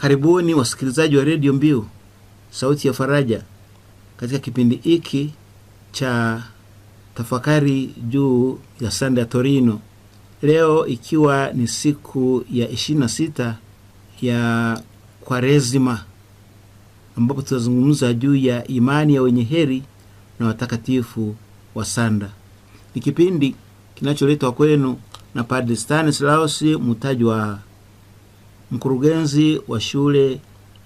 Karibuni wasikilizaji wa redio Mbiu sauti ya faraja, katika kipindi hiki cha tafakari juu ya sanda ya Torino, leo ikiwa ni siku ya ishirini na sita ya Kwaresima, ambapo tutazungumza juu ya imani ya wenye heri na watakatifu wa sanda. Ni kipindi kinacholetwa kwenu na Padre Stanislaus Mutaji wa mkurugenzi wa shule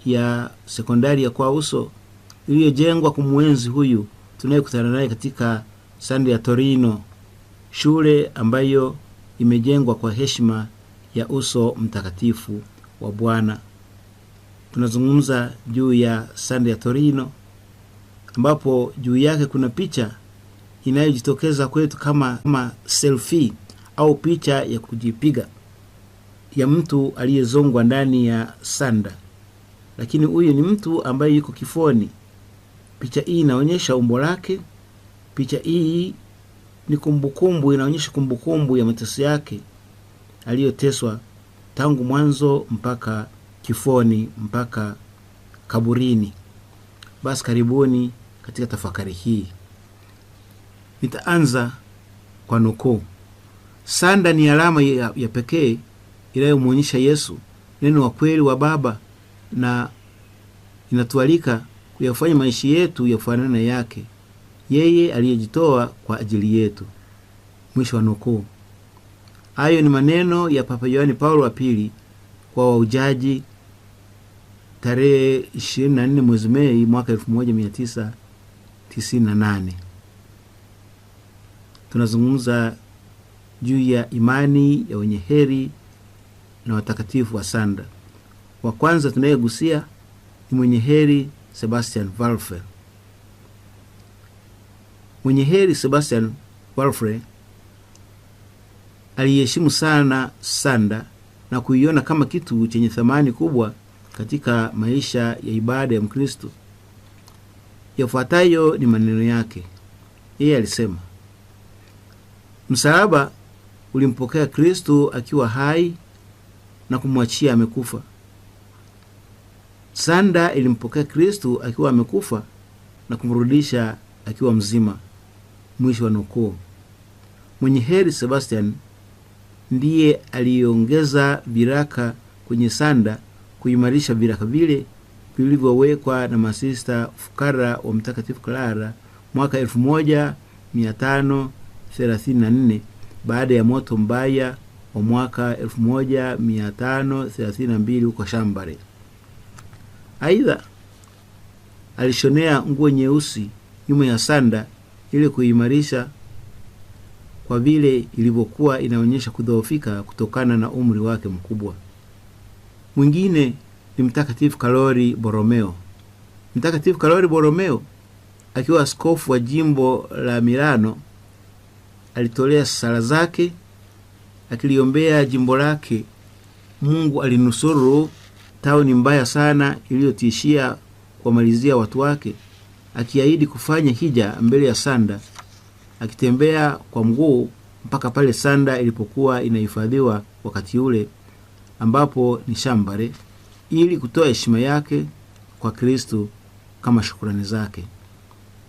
ya sekondari ya Kwauso iliyojengwa kumwenzi huyu tunayekutana naye katika sande ya Torino, shule ambayo imejengwa kwa heshima ya uso mtakatifu wa Bwana. Tunazungumza juu ya sande ya Torino, ambapo juu yake kuna picha inayojitokeza kwetu kama, kama selfie au picha ya kujipiga ya mtu aliyezongwa ndani ya sanda, lakini huyu ni mtu ambaye yuko kifoni. Picha hii inaonyesha umbo lake. Picha hii ni kumbukumbu, inaonyesha kumbukumbu ya mateso yake aliyoteswa tangu mwanzo mpaka kifoni mpaka kaburini. Basi karibuni katika tafakari hii. Nitaanza kwa nukuu. Sanda ni alama ya, ya pekee inayomwonyesha Yesu neno wa kweli wa Baba na inatualika kuyafanya maisha yetu yafanane yake, yeye aliyejitoa kwa ajili yetu. Mwisho wa nukuu. Hayo ni maneno ya Papa Yohani Paulo wa pili kwa waujaji tarehe 24 mwezi Mei mwaka 1998. Tunazungumza juu ya imani ya wenye heri na watakatifu wa sanda. Wa kwanza tunayegusia ni mwenye heri Sebastian Valfre. Mwenye heri Sebastian Valfre aliheshimu sana sanda na kuiona kama kitu chenye thamani kubwa katika maisha ya ibada ya Mkristo. Yafuatayo ni maneno yake. Yeye alisema, msalaba ulimpokea Kristo akiwa hai na kumwachia amekufa. Sanda ilimpokea Kristu akiwa amekufa na kumrudisha akiwa mzima. Mwisho wa nukuu. Mwenye heri Sebastian ndiye aliongeza viraka kwenye sanda kuimarisha biraka vile vilivyowekwa na masista fukara wa Mtakatifu Clara mwaka 1534 baada ya moto mbaya wa mwaka 1532 huko Shambare. Aidha, alishonea nguo nyeusi nyuma ya sanda ili kuimarisha kwa vile ilivyokuwa inaonyesha kudhoofika kutokana na umri wake mkubwa. Mwingine ni Mtakatifu Kalori Boromeo. Mtakatifu Kalori Boromeo akiwa askofu wa jimbo la Milano alitolea sala zake akiliombea jimbo lake, Mungu alinusuru tauni mbaya sana iliyotishia kuwamalizia watu wake, akiahidi kufanya hija mbele ya sanda, akitembea kwa mguu mpaka pale sanda ilipokuwa inahifadhiwa wakati ule, ambapo ni Shambare, ili kutoa heshima yake kwa Kristo kama shukurani zake.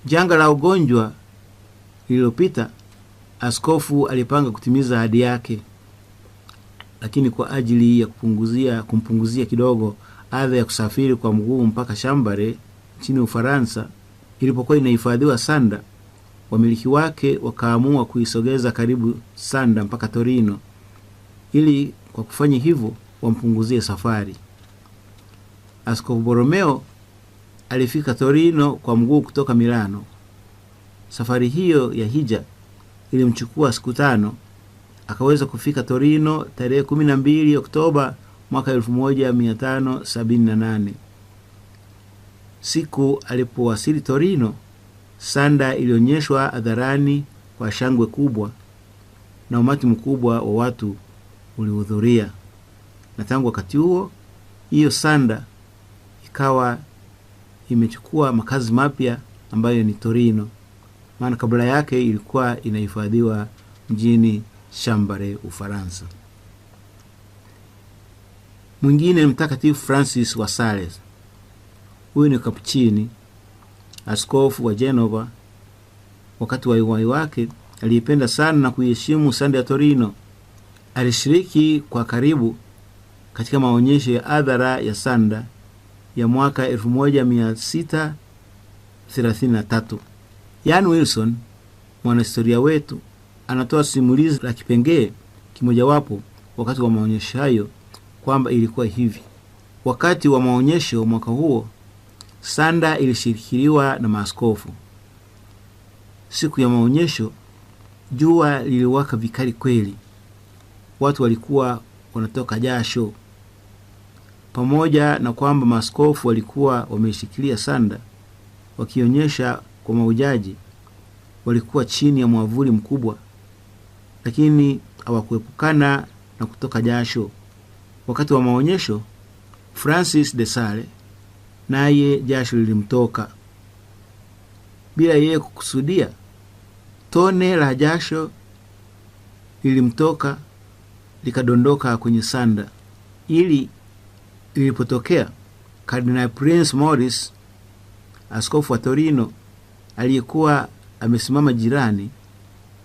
Janga la ugonjwa lililopita, askofu alipanga kutimiza ahadi yake lakini kwa ajili ya kupunguzia kumpunguzia kidogo adha ya kusafiri kwa mguu mpaka Shambare nchini Ufaransa ilipokuwa inahifadhiwa Sanda, wamiliki wake wakaamua kuisogeza karibu Sanda mpaka Torino ili kwa kufanya hivyo wampunguzie safari. Askofu Boromeo alifika Torino kwa mguu kutoka Milano. Safari hiyo ya hija ilimchukua siku tano akaweza kufika Torino tarehe 12 Oktoba mwaka 1578. Siku alipowasili Torino, sanda ilionyeshwa hadharani kwa shangwe kubwa na umati mkubwa wa watu ulihudhuria, na tangu wakati huo hiyo sanda ikawa imechukua makazi mapya ambayo ni Torino, maana kabla yake ilikuwa inahifadhiwa mjini Shambare, Ufaransa. Mwingine ni Mtakatifu Francis wa Sales. Huyu ni kapuchini, askofu wa Genova. Wakati wa uhai wake aliipenda sana na kuiheshimu sanda ya Torino. Alishiriki kwa karibu katika maonyesho ya adhara ya sanda ya mwaka 1633. Jan Wilson, mwanahistoria wetu, anatoa simulizi la kipengee kimojawapo wakati wa maonyesho hayo kwamba ilikuwa hivi. Wakati wa maonyesho mwaka huo, sanda ilishirikiliwa na maaskofu. Siku ya maonyesho, jua liliwaka vikali kweli, watu walikuwa wanatoka jasho. Pamoja na kwamba maaskofu walikuwa wameishikilia sanda wakionyesha kwa maujaji, walikuwa chini ya mwavuli mkubwa lakini hawakuepukana na kutoka jasho. Wakati wa maonyesho, Francis de Sale naye jasho lilimtoka bila yeye kukusudia. Tone la jasho lilimtoka likadondoka kwenye sanda. Ili lilipotokea, Kardinal Prince morris askofu wa Torino, aliyekuwa amesimama jirani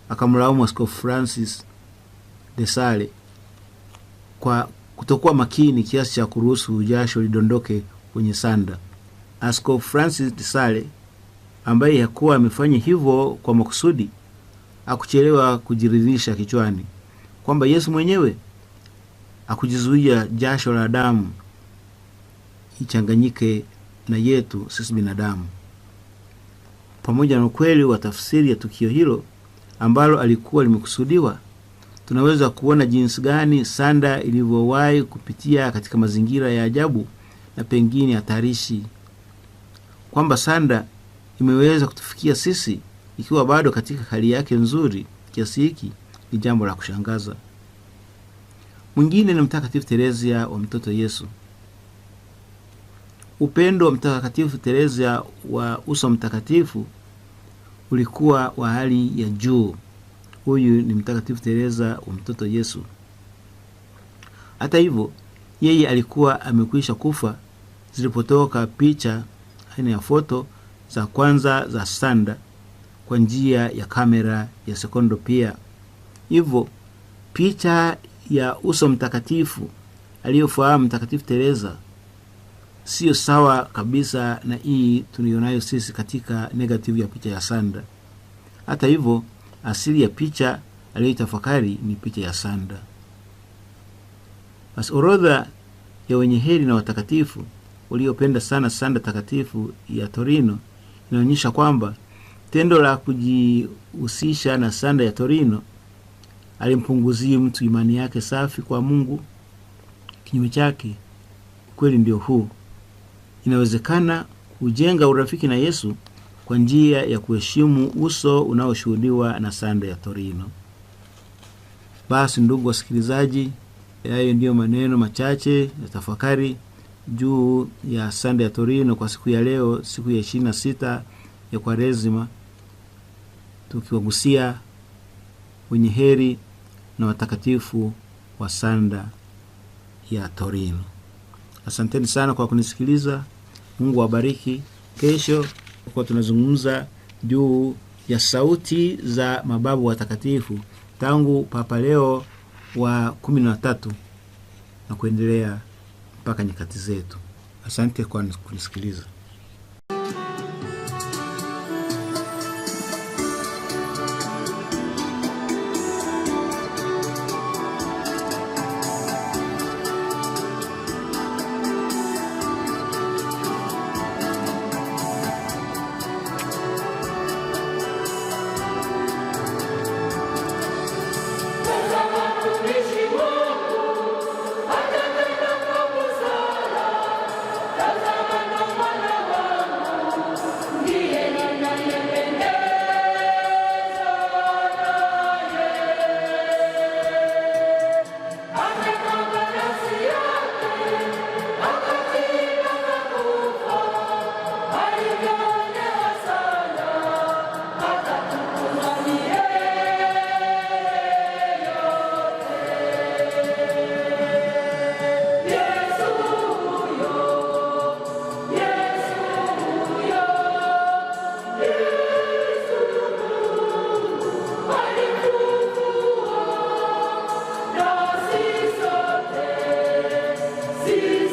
akamlaumu Askofu Francis de Sale kwa kutokuwa makini kiasi cha kuruhusu jasho lidondoke kwenye sanda. Askofu Francis de Sale ambaye hakuwa amefanya hivyo kwa makusudi, akuchelewa kujiridhisha kichwani kwamba Yesu mwenyewe akujizuia jasho la damu ichanganyike na yetu sisi binadamu. Pamoja na ukweli wa tafsiri ya tukio hilo ambalo alikuwa limekusudiwa. Tunaweza kuona jinsi gani Sanda ilivyowahi kupitia katika mazingira ya ajabu na pengine hatarishi, kwamba Sanda imeweza kutufikia sisi ikiwa bado katika hali yake nzuri kiasi hiki ni jambo la kushangaza. Mwingine ni Mtakatifu Terezia wa Mtoto Yesu. Upendo wa Mtakatifu Terezia wa Uso Mtakatifu ulikuwa wa hali ya juu. Huyu ni Mtakatifu Teresa wa mtoto Yesu. Hata hivyo, yeye alikuwa amekwisha kufa zilipotoka picha aina ya foto za kwanza za sanda kwa njia ya kamera ya sekondo. Pia hivyo picha ya uso mtakatifu aliyofahamu Mtakatifu Teresa sio sawa kabisa na hii tunionayo sisi katika negative ya picha ya sanda. Hata hivyo, asili ya picha aliyoitafakari ni picha ya sanda. Basi orodha ya wenye heri na watakatifu waliopenda sana sanda takatifu ya Torino inaonyesha kwamba tendo la kujihusisha na sanda ya Torino alimpunguzia mtu imani yake safi kwa Mungu. Kinyume chake, ukweli ndio huu: Inawezekana kujenga urafiki na Yesu kwa njia ya kuheshimu uso unaoshuhudiwa na sanda ya Torino. Basi ndugu wasikilizaji, hayo ndiyo maneno machache ya tafakari juu ya sanda ya Torino kwa siku ya leo, siku ya ishirini na sita ya kwarezima tukiwagusia wenye heri na watakatifu wa sanda ya Torino. Asanteni sana kwa kunisikiliza. Mungu awabariki. Kesho kwa tunazungumza juu ya sauti za mababu watakatifu tangu Papa Leo wa kumi na tatu na kuendelea mpaka nyakati zetu. Asante kwa kunisikiliza. Спасибо.